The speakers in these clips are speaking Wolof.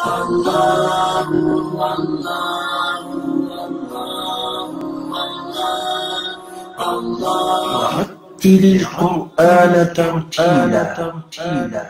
رتل القرآن ترتيلا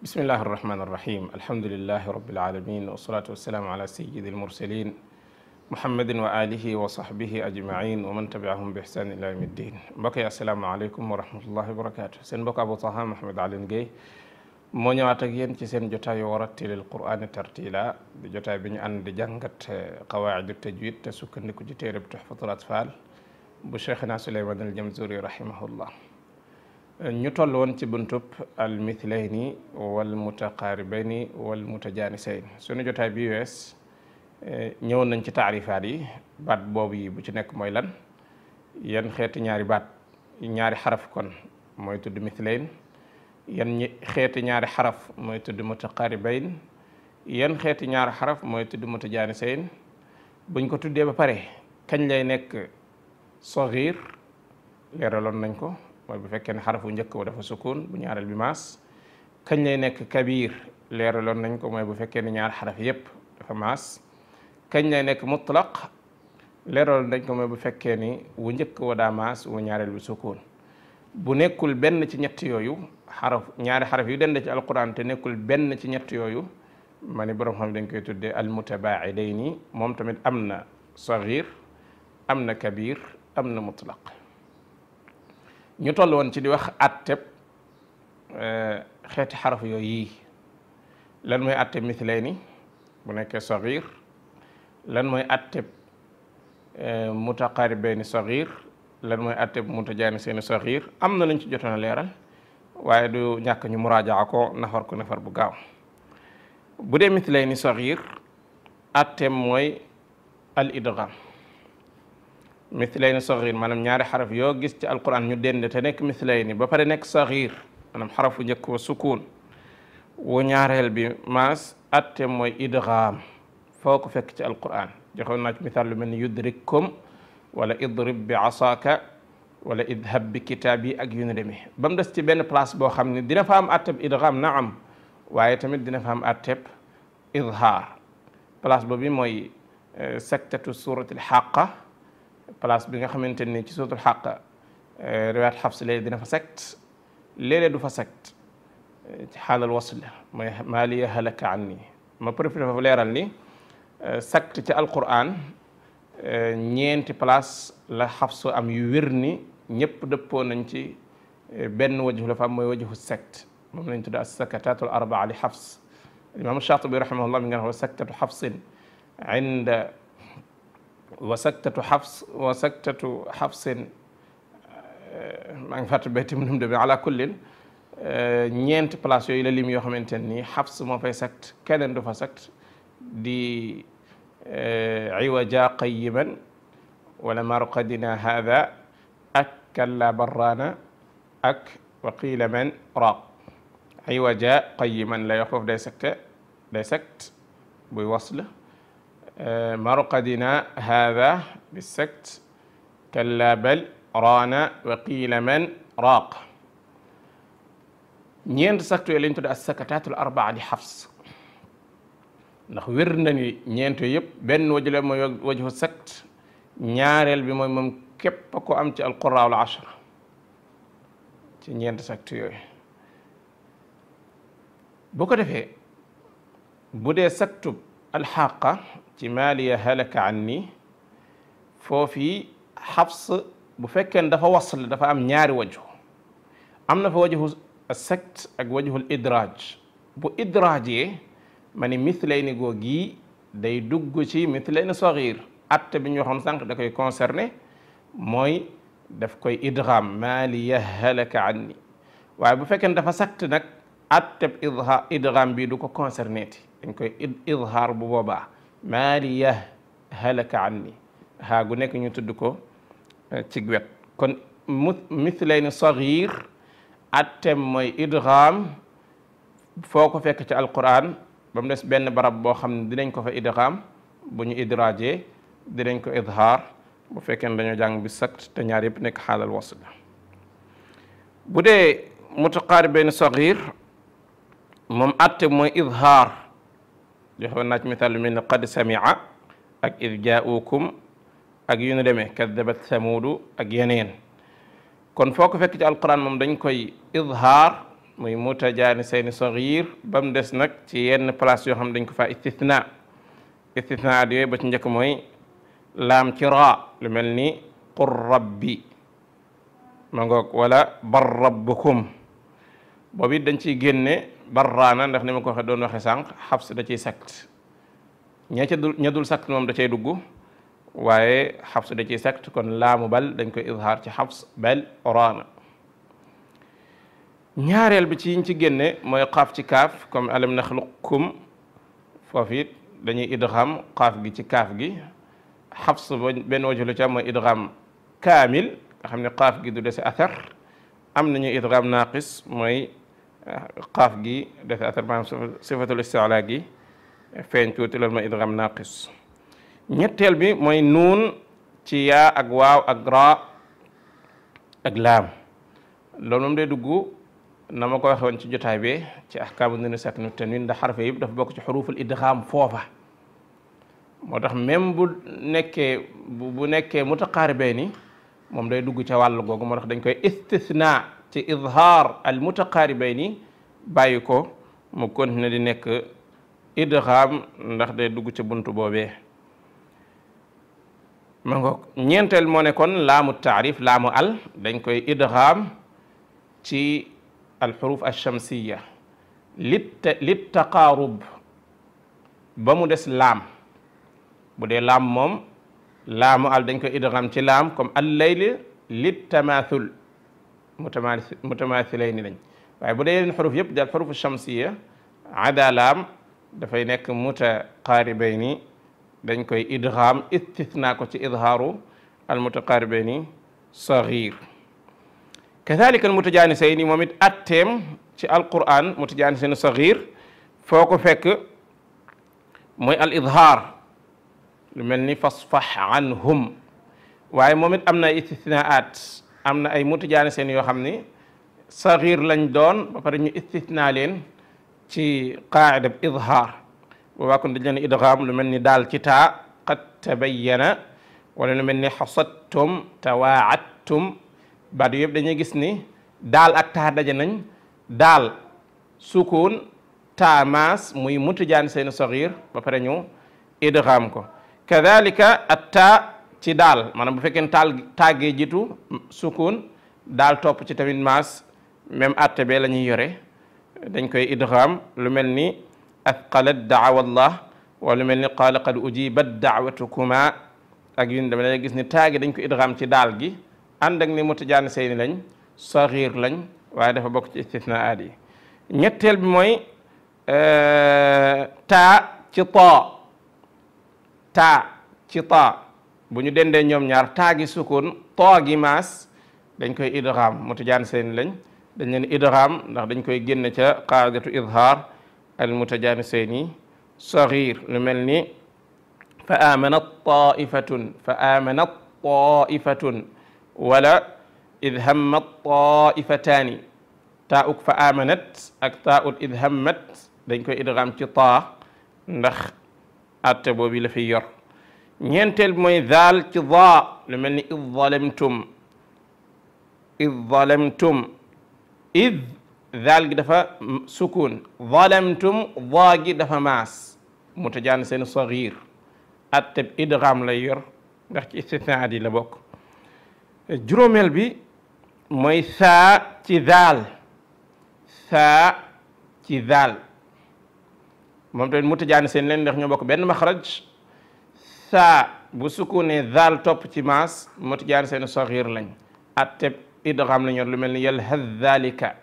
بسم الله الرحمن الرحيم الحمد لله رب العالمين والصلاة والسلام على سيد المرسلين محمد وآله وصحبه أجمعين ومن تبعهم بإحسان إلى يوم الدين بقي السلام عليكم ورحمة الله وبركاته سنبقى بقى أبو طه محمد علي نجي moo ñëwaat ak yéen ci seen jotaay jotaayu warattilil qur'aana tartiila di jotaay bi ñu ànd di jàngat qawaa'idu tajwiid te sukkandiku bu téereb Tuhfatul Atfaal bu Cheikhina Suleymaan al-Jamzuuri rahimahullah ñu toll woon ci buntub al-mithlayni wal mutaqaaribayni wal mutajaanisayni sunu jotaay bi wees ñëwoon nañ ci taarifaat yi baat boobu yi bu ci nekk mooy lan yan xeeti ñaari baat ñaari xaraf kon mooy tudd yan ñi xeeti ñaari xaraf mooy tudd mutaqaribayn yan xeeti ñaari xaraf mooy tudd mutajaanisayn buñ ko tuddee ba pare kañ lay nekk saxiir leeraloon nañ ko mooy bu fekkee ne xarafu njëkk wa dafa sukun bu ñaareel bi maas kañ lay nekk kabiir leeraloon nañ ko mooy bu fekkee ne ñaari xaraf yépp dafa maas kañ lay nekk mutlaq leeraloon nañ ko mooy bu fekkee ni wu njëkk wa daa maas wu ñaareel bi sukun bu nekkul benn ci ñett yooyu xaraf ñaari xaraf yu dend ci alquran te nekkul benn ci ñett yooyu ma borom xam dañ koy tuddee mutabaidaini moom tamit am na sagir am na kabir am na mutlaq ñu toll woon ci di wax atteb xeeti xaraf yooyu yi lan mooy atteb mithlayni bu nekkee sagir lan mooy atteb mutaqaribayni sagir lan mooy atte bu munta jaani seeni saxiir am na lañ ci jotoon a leeral waaye du ñàkk ñu muraajaa ko nafar ko nafar bu gaaw bu dee mislay ni saxiir atteem mooy al idgham mislay ni saxiir maanaam ñaari xaraf yoo gis ci alquran ñu dend te nekk mislay ni ba pare nekk saxiir maanaam xarafu njëkk wa sukuun wu ñaareel bi maas atteem mooy idgham foo ko fekk ci alquran joxoon naa ci misaal lu mel ni yudrikkum ولا اضرب بعصاك ولا اذهب بكتابي اك يوندمي بام دس تي بن بلاص بو خامني دينا فام اتب ادغام نعم وايي تاميت دينا فام اتب اظهار بلاص بو بي موي آه، سكته سوره الحاقه بلاص بيغا خامنتيني سي سوره الحاقه روايه حفص لي دينا فا سكت لي دو فا سكت آه، حال الوصل مالي هلك عني ما بريفير فليرال آه، سكت تي القران ñeenti place la Xafsu am yu wér ni ñëpp dëppoo nañ ci eh, benn wajhu la fa am mooy wajhu sect moom lañ tudda as-sakatatul arbaa li Xafs imam Shaatibi rahimahullah mi nga wax saktatu Xafsin inda wa saktatu Xafs wa saktatu eh, maa ngi fàttali bayt mu demee ala kullin eh, ñeenti place yooyu la lim yoo xamante nii Xafs moo fay sect keneen du sect آه، عوجا قيما ولما رقدنا هذا أك كلا برانا أك وقيل من راق عوجا قيما لا يخوف داي سك داي سكت بوصله آه، مرقدنا هذا بالسكت كلا بل رانا وقيل من راق نين سكتوا اللي تد السكتات الأربعة لحفص ndax wér na ni ñeent yëpp benn wajule mooy wajhu sakt ñaareel bi mooy moom képp ko am ci alquraawul ashra ci ñeent sakt yooyu bu ko defee bu dee saktub alxaqa ci maaliya halaka an ni foofii xafs bu fekkeen dafa wasl dafa am ñaari wajhu am na fa wajhu sakt ak wajhul idraaj bu idraajee ma ni mithlayni goog yi day dugg ci mithlayni saghir atte bi ñu waxoon sank da koy concerner moy daf koy idgham mali li anni way bu fekkene dafa sakt nak atteb idha idgham bi du ko concerner ti dañ koy idhar bu boba mali li anni ha gu nek ñu tudd ko ci gwet kon mithlayni saghir attem moy idgham foko fek ci alquran bam dess ben barab bo xamni dinañ ko fa idgham buñu idraje dinañ ko izhar bu fekkene dañu jàng bi sakt te ñaar yep nek halal wasl budé dee saghir mom atte mooy idhaar joxoon nañ mithal min qad samia ak id ja'ukum ak yunu démé demee kaddabat ak yenen kon foko fekk ci alquran mom dañ koy izhar muy muta jaani seeni saxiir ba mu des nag ci yenn place yoo xam dañ ko fa istithna istithna at yooyu ba ci njëkk mooy laam ci ra lu mel ni qur rabbi ma ngoog wala bar rabbukum boobu it dañ ciy génne barraana ndax ni ma ko waxee doon waxee sànq xabs da ciy sakt ñe ca dul ña dul sakt moom da cay dugg waaye xabs da ciy sakt kon laamu bal dañ koy izhaar ci xabs bal raana ñaareel bi ci ñu ci génne mooy xaaf ci kaaf comme alam naxluqkum foofu it dañuy idgham xaaf gi ci kaaf gi xafs ba benn wajulu ci am mooy idgham kaamil nga xam ne xaaf gi du dese athar am nañu idgham naqis mooy eh, xaaf gi dese athar maanaam sifatul isti'la gi feeñ tuuti loolu mooy idgham naqis ñetteel bi mooy nuun ci yaa ak waaw ak ra ak laam loolu moom day dugg نما كو واخون سي جوتاي بي سي احكام النون ساكن التنوين دا حرف ييب دا بوك سي حروف الادغام فوفا موتاخ ميم بو نيكي بو نيكي متقاربيني موم داي دوجو سي والو غوغو موتاخ دنجكاي استثناء سي اظهار المتقاربيني بايكو مو كونتينا دي نيك ادغام ناخ داي دوجو سي بونتو بوبي مانغو نينتال مو نيكون لام التعريف لام ال دنجكاي ادغام alxuruf alchamsiya lit lit taqaarub ba mu des laam bu dee laam moom laamu al dañ ko idgham ci laam comme allayli lit tamaathul mutamaasi mutamaasilayni ni lañ waaye bu dee yeneen xuruf yëpp daal xurufu chamsiya ada laam dafay nekk mutaqaaribayni dañ koy idgham istithna ko ci idhaaru al mutaqaaribayni saxiir كذلك المتجانسين مومت أتم في القرآن متجانسين صغير فوق فك مي الإظهار لمني فصفح عنهم واي ممت أمنا إثناءات أمنا أي متجانسين يوحمني صغير لن دون بفرن إثناء لين في قاعدة إظهار وواكن دجان إدغام لمني دال كتاء قد تبين ولمن حصدتم تواعدتم baat yëpp dañuy gis ni daal ak taa daje nañ daal sukun taa maas muy mutujaan seen saxiir ba pare ñu idgham ko kadhalika at taa ci daal maanaam bu fekkee taal taagee jiitu sukun daal topp ci tamit maas même atte bee la ñuy yore dañ koy idgham lu mel ni athqalat daawa allah wa lu mel ni qaala qad ujibat daawatukumaa ak yun dama lay gis ni taagi dañ ko idgham ci daal gi ànd ak ni mutajaani seyni lañ saxiir lañ waaye dafa bokk ci istisna aad yi mooy euh, taa ci taa taa ci taa bu ñu dendee ñoom ñaar taa gi sukkoon maas dañ koy idgham mutajaani seyni lañ dañ leen idgham ndax dañ koy génne ca qaadatu idhaar al mutajaani seyni saxiir mel ni fa amanat taifatun fa amanat taifatun wala id hammat taifataani taa uk fa amanat ak taa ut id hammat dañ koy idgham ci taa ndax atte boobu la fiy yor ñeenteel mooy daal ci daa lu mel ni id zalamtum id zalamtum id daal gi dafa sukun zalamtum daa gi dafa maas mutajaan seen sagir atteb idgham lay yor ndax ci istithnaa yi la bokk juróomeel bi mooy saa ci daal saa ci daal moom tamit mutajaani seen leen ndax ñoo bokk benn maxraj saa bu sukkunee daal topp ci maas mutajaani seen saxiir lañ atteb idgham la ñor lu mel ni yalhaz zalika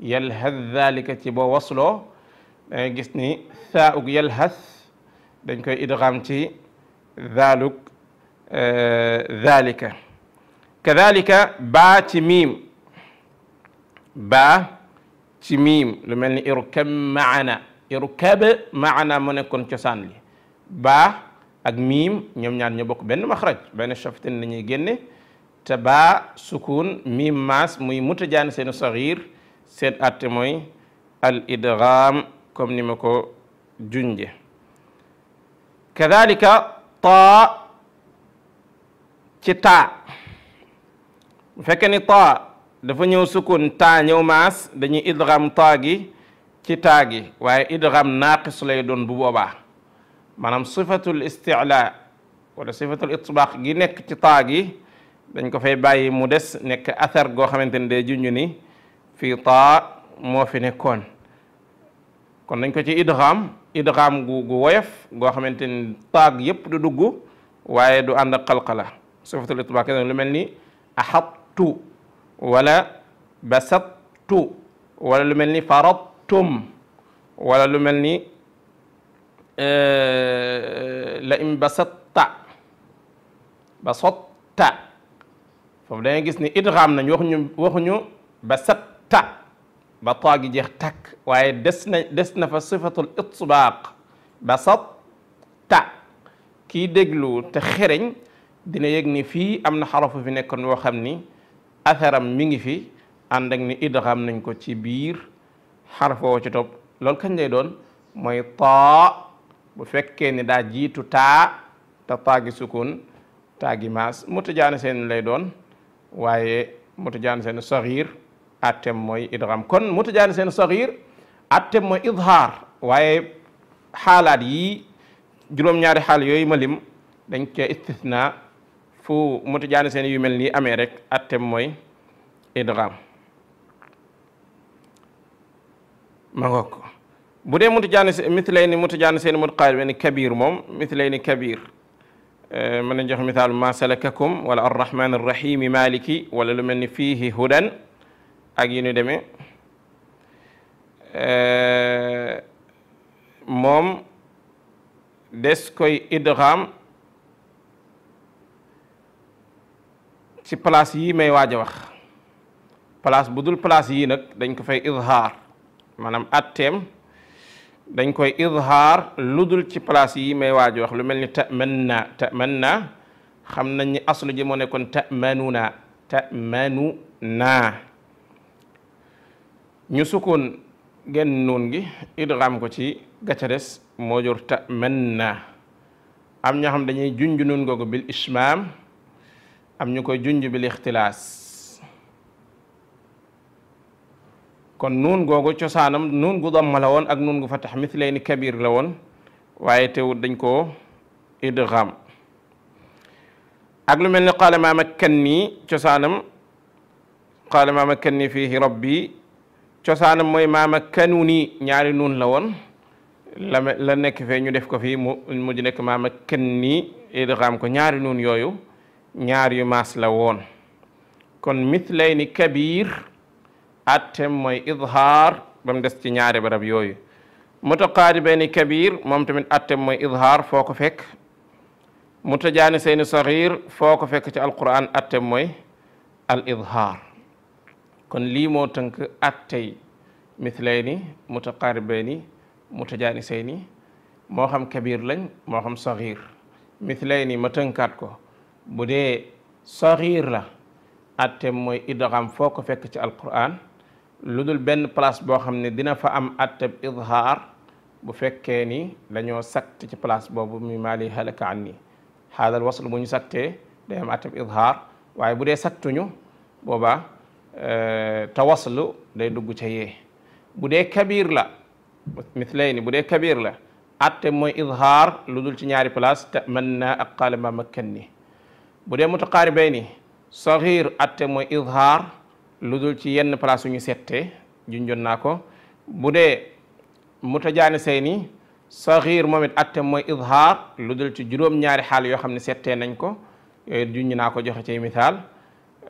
yalhaz zalika ci boo wasloo gis ni saa ug yalhaz dañ koy idgham ci zaalug eh, zalika kadhalika baa ci miim baa ci miim lu mel ni ma ma irkab maana mu nekkoon cosaan li baa ak miim ñoom ñaar ñoo bokk benn maxraj benn shaftin la ñuy génne te baa sukun miim maas muy mutajaan seenu saxiir seen atte mooy al idgham comme ni ma ko junje kadhalika taa ci taa bu ta, dafa ñew sukun ta ñew mas dañuy idgham ta gi ci ta gi waye idgham naqis lay doon bu boba manam sifatul isti'la wala sifatul itbaq gi nek ci ta gi dañ ko fay bayyi mu dess nek athar go xamante day ni fi ta mo fi nekkon kon dañ ko ci idgham idgham gu gu woyef go xamante ta gi yep du dugg waye du and qalqala sifatul itbaq lu melni ni تو ولا بسط تو ولا لملني فرطتم ولا لملني آه، لئن بسطت بسطت فبدأنا جسني إدغامنا يوخنو يوخنو بسطت بطاقي جيختك وهي دسنا دسنا في صفة الإطباق بسطت كي دقلو تخرين دينا يجني في أمن حرف في نكون وخمني asaram mi ngi fi ànd ak ni idgham nañ ko ci biir xarf woo ci topp loolu kañ lay doon mooy taa bu fekkee ni daa jiitu taa te taagi sukun taagi maas mutajaani seen lay doon waaye mutajaani seen saxiir attem mooy idgham kon mutajaani seen saxiir attem mooy idhaar waaye xaalaat yi juróom-ñaari xaal yooyu ma lim dañ cee fu muti jaani seen yu mel nii amee rek attem mooy idgham ma ngoog bu dee muti jaani seen mithlay ni muti mut qaarib ni kabir mom mithlay kabir mën nañ jox misaal ma salakakum wala arrahman arrahimi maliki wala lu mel ni hudan ak yu ñu demee moom des koy idgham ci place yi may waaj wax palace bu dul place yii nag dañ ko fay izhaar maanaam atteem dañ koy izhaar lu dul ci place yi may waaj a wax lu mel ni tamanna na xam nañ ni aslu ji moo nekkoon tamanuna na ñu sukkoon gen nuun gi idgham ko ci gacades moo jur na am ñoo xam dañuy junj nuun googu bil ishmaam am ñu koy junj bil ixtilaas kon nuun googu cosaanam nuun gu damma la woon ak nuun gu fatax mithlayni kabir la woon waaye teewut dañ koo idgham ak lu mel ni qaala maa makkanni cosaanam qaala maa makkanni fiihi rabbi cosaanam moy maa makkanuni ñaari nuun lawoon woon la la nekk fee ñu def ko fii mu mujj nekk maa makkanni idgham ko ñaari nuun yooyu ñaar yu maas la woon kon mitlayni kabir atem mooy idhaar ba mu des ci ñaari barab yooyu mutaqaaribayni kabir moom tamit atem mooy idhaar foo ko fekk mutajaani seyni saxiir foo ko fekk ci alquran atem mooy al idhaar kon lii moo tënk attey mitlayni mutaqaaribayni mutajaani seyni moo xam kabir lañ moo xam saxiir mitlayni ma tënkaat ko bu dee saxiir la atteem mooy idgham foo ko fekk ci alquran lu dul benn place boo xam ne dina fa am atteem izhaar bu fekkee ni dañoo sakt ci place boobu mi mali halaka an ni haadal wasl bu ñu saktee day am atteem izhaar waaye bu dee saktuñu boobaa tawaslu day dugg ca yee bu dee kabir la mithlayni bu dee kabir la atte mooy izhaar lu dul ci ñaari place te mën bu dee mutaqaaribeyni saxiir atte mooy izhaar lu dul ci yenn place yu ñu sette junjoon naa ko bu dee mutajaaniseyni saxiir moom it atte mooy izhaar lu dul ci juróom-ñaari xaal yoo xam ne settee nañ ko yooyu junj naa ko joxe ci misaal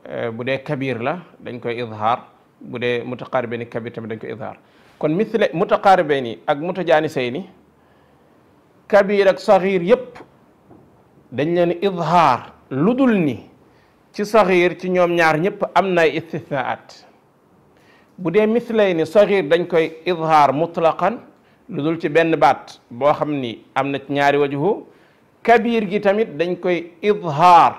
eh, bu dee kabir la dañ koy izhaar bu dee mutaqaaribeyni kabir tamit dañ koy izhaar kon misle mutaqaaribeyni ak jaani ni kabir ak saxiir yépp dañ leen izhaar lu dul ni ci saxiir ci ñoom ñaar ñëpp am nay istisnaat bu dee mislay ni saxiir dañ koy izhaar mutlaqan lu ci benn baat boo xam ni am na ci ñaari wajhu kabiir gi tamit dañ koy izhaar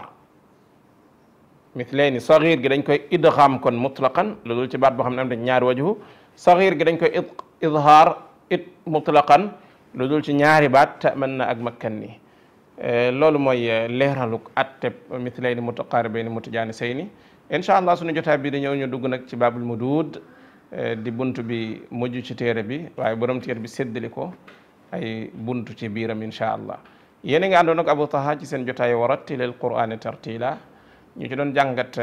mislay ni saxiir gi dañ koy idgham kon mutlaqan lu dul ci baat boo xam ne am na ci ñaari wajhu saxiir gi dañ koy izhaar it mutlaqan lu ci ñaari baat taman na ak makkan ni Eh, loolu mooy eh, leeraluk atteb mithlayni mutaqaribayni mutajanisayni incha allah suñu jotaay bi di ñëw ñu dugg nag ci babul mudud eh, di bunt bi mujj ci téere bi waaye borom téere bi séddali ko ay bunt ci biiram incha allah yéen a ngi àndoon ak Abu Taha ci seen jotaay wa rattilil qur'ana tartila ñu ci doon jàngat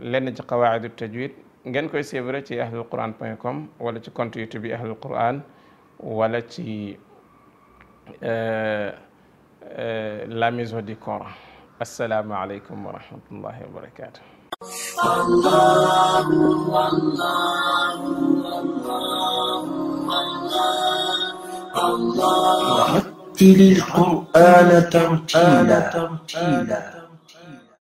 lenn ci qawaidu tajwid ngeen koy suivre ci ahlul quran wala ci compte youtube yi ahlul wala ci la maison du Coran assalamu alaikum wa rahmatullahi wa barakatuh الله الله الله رتل القرآن ترتيلا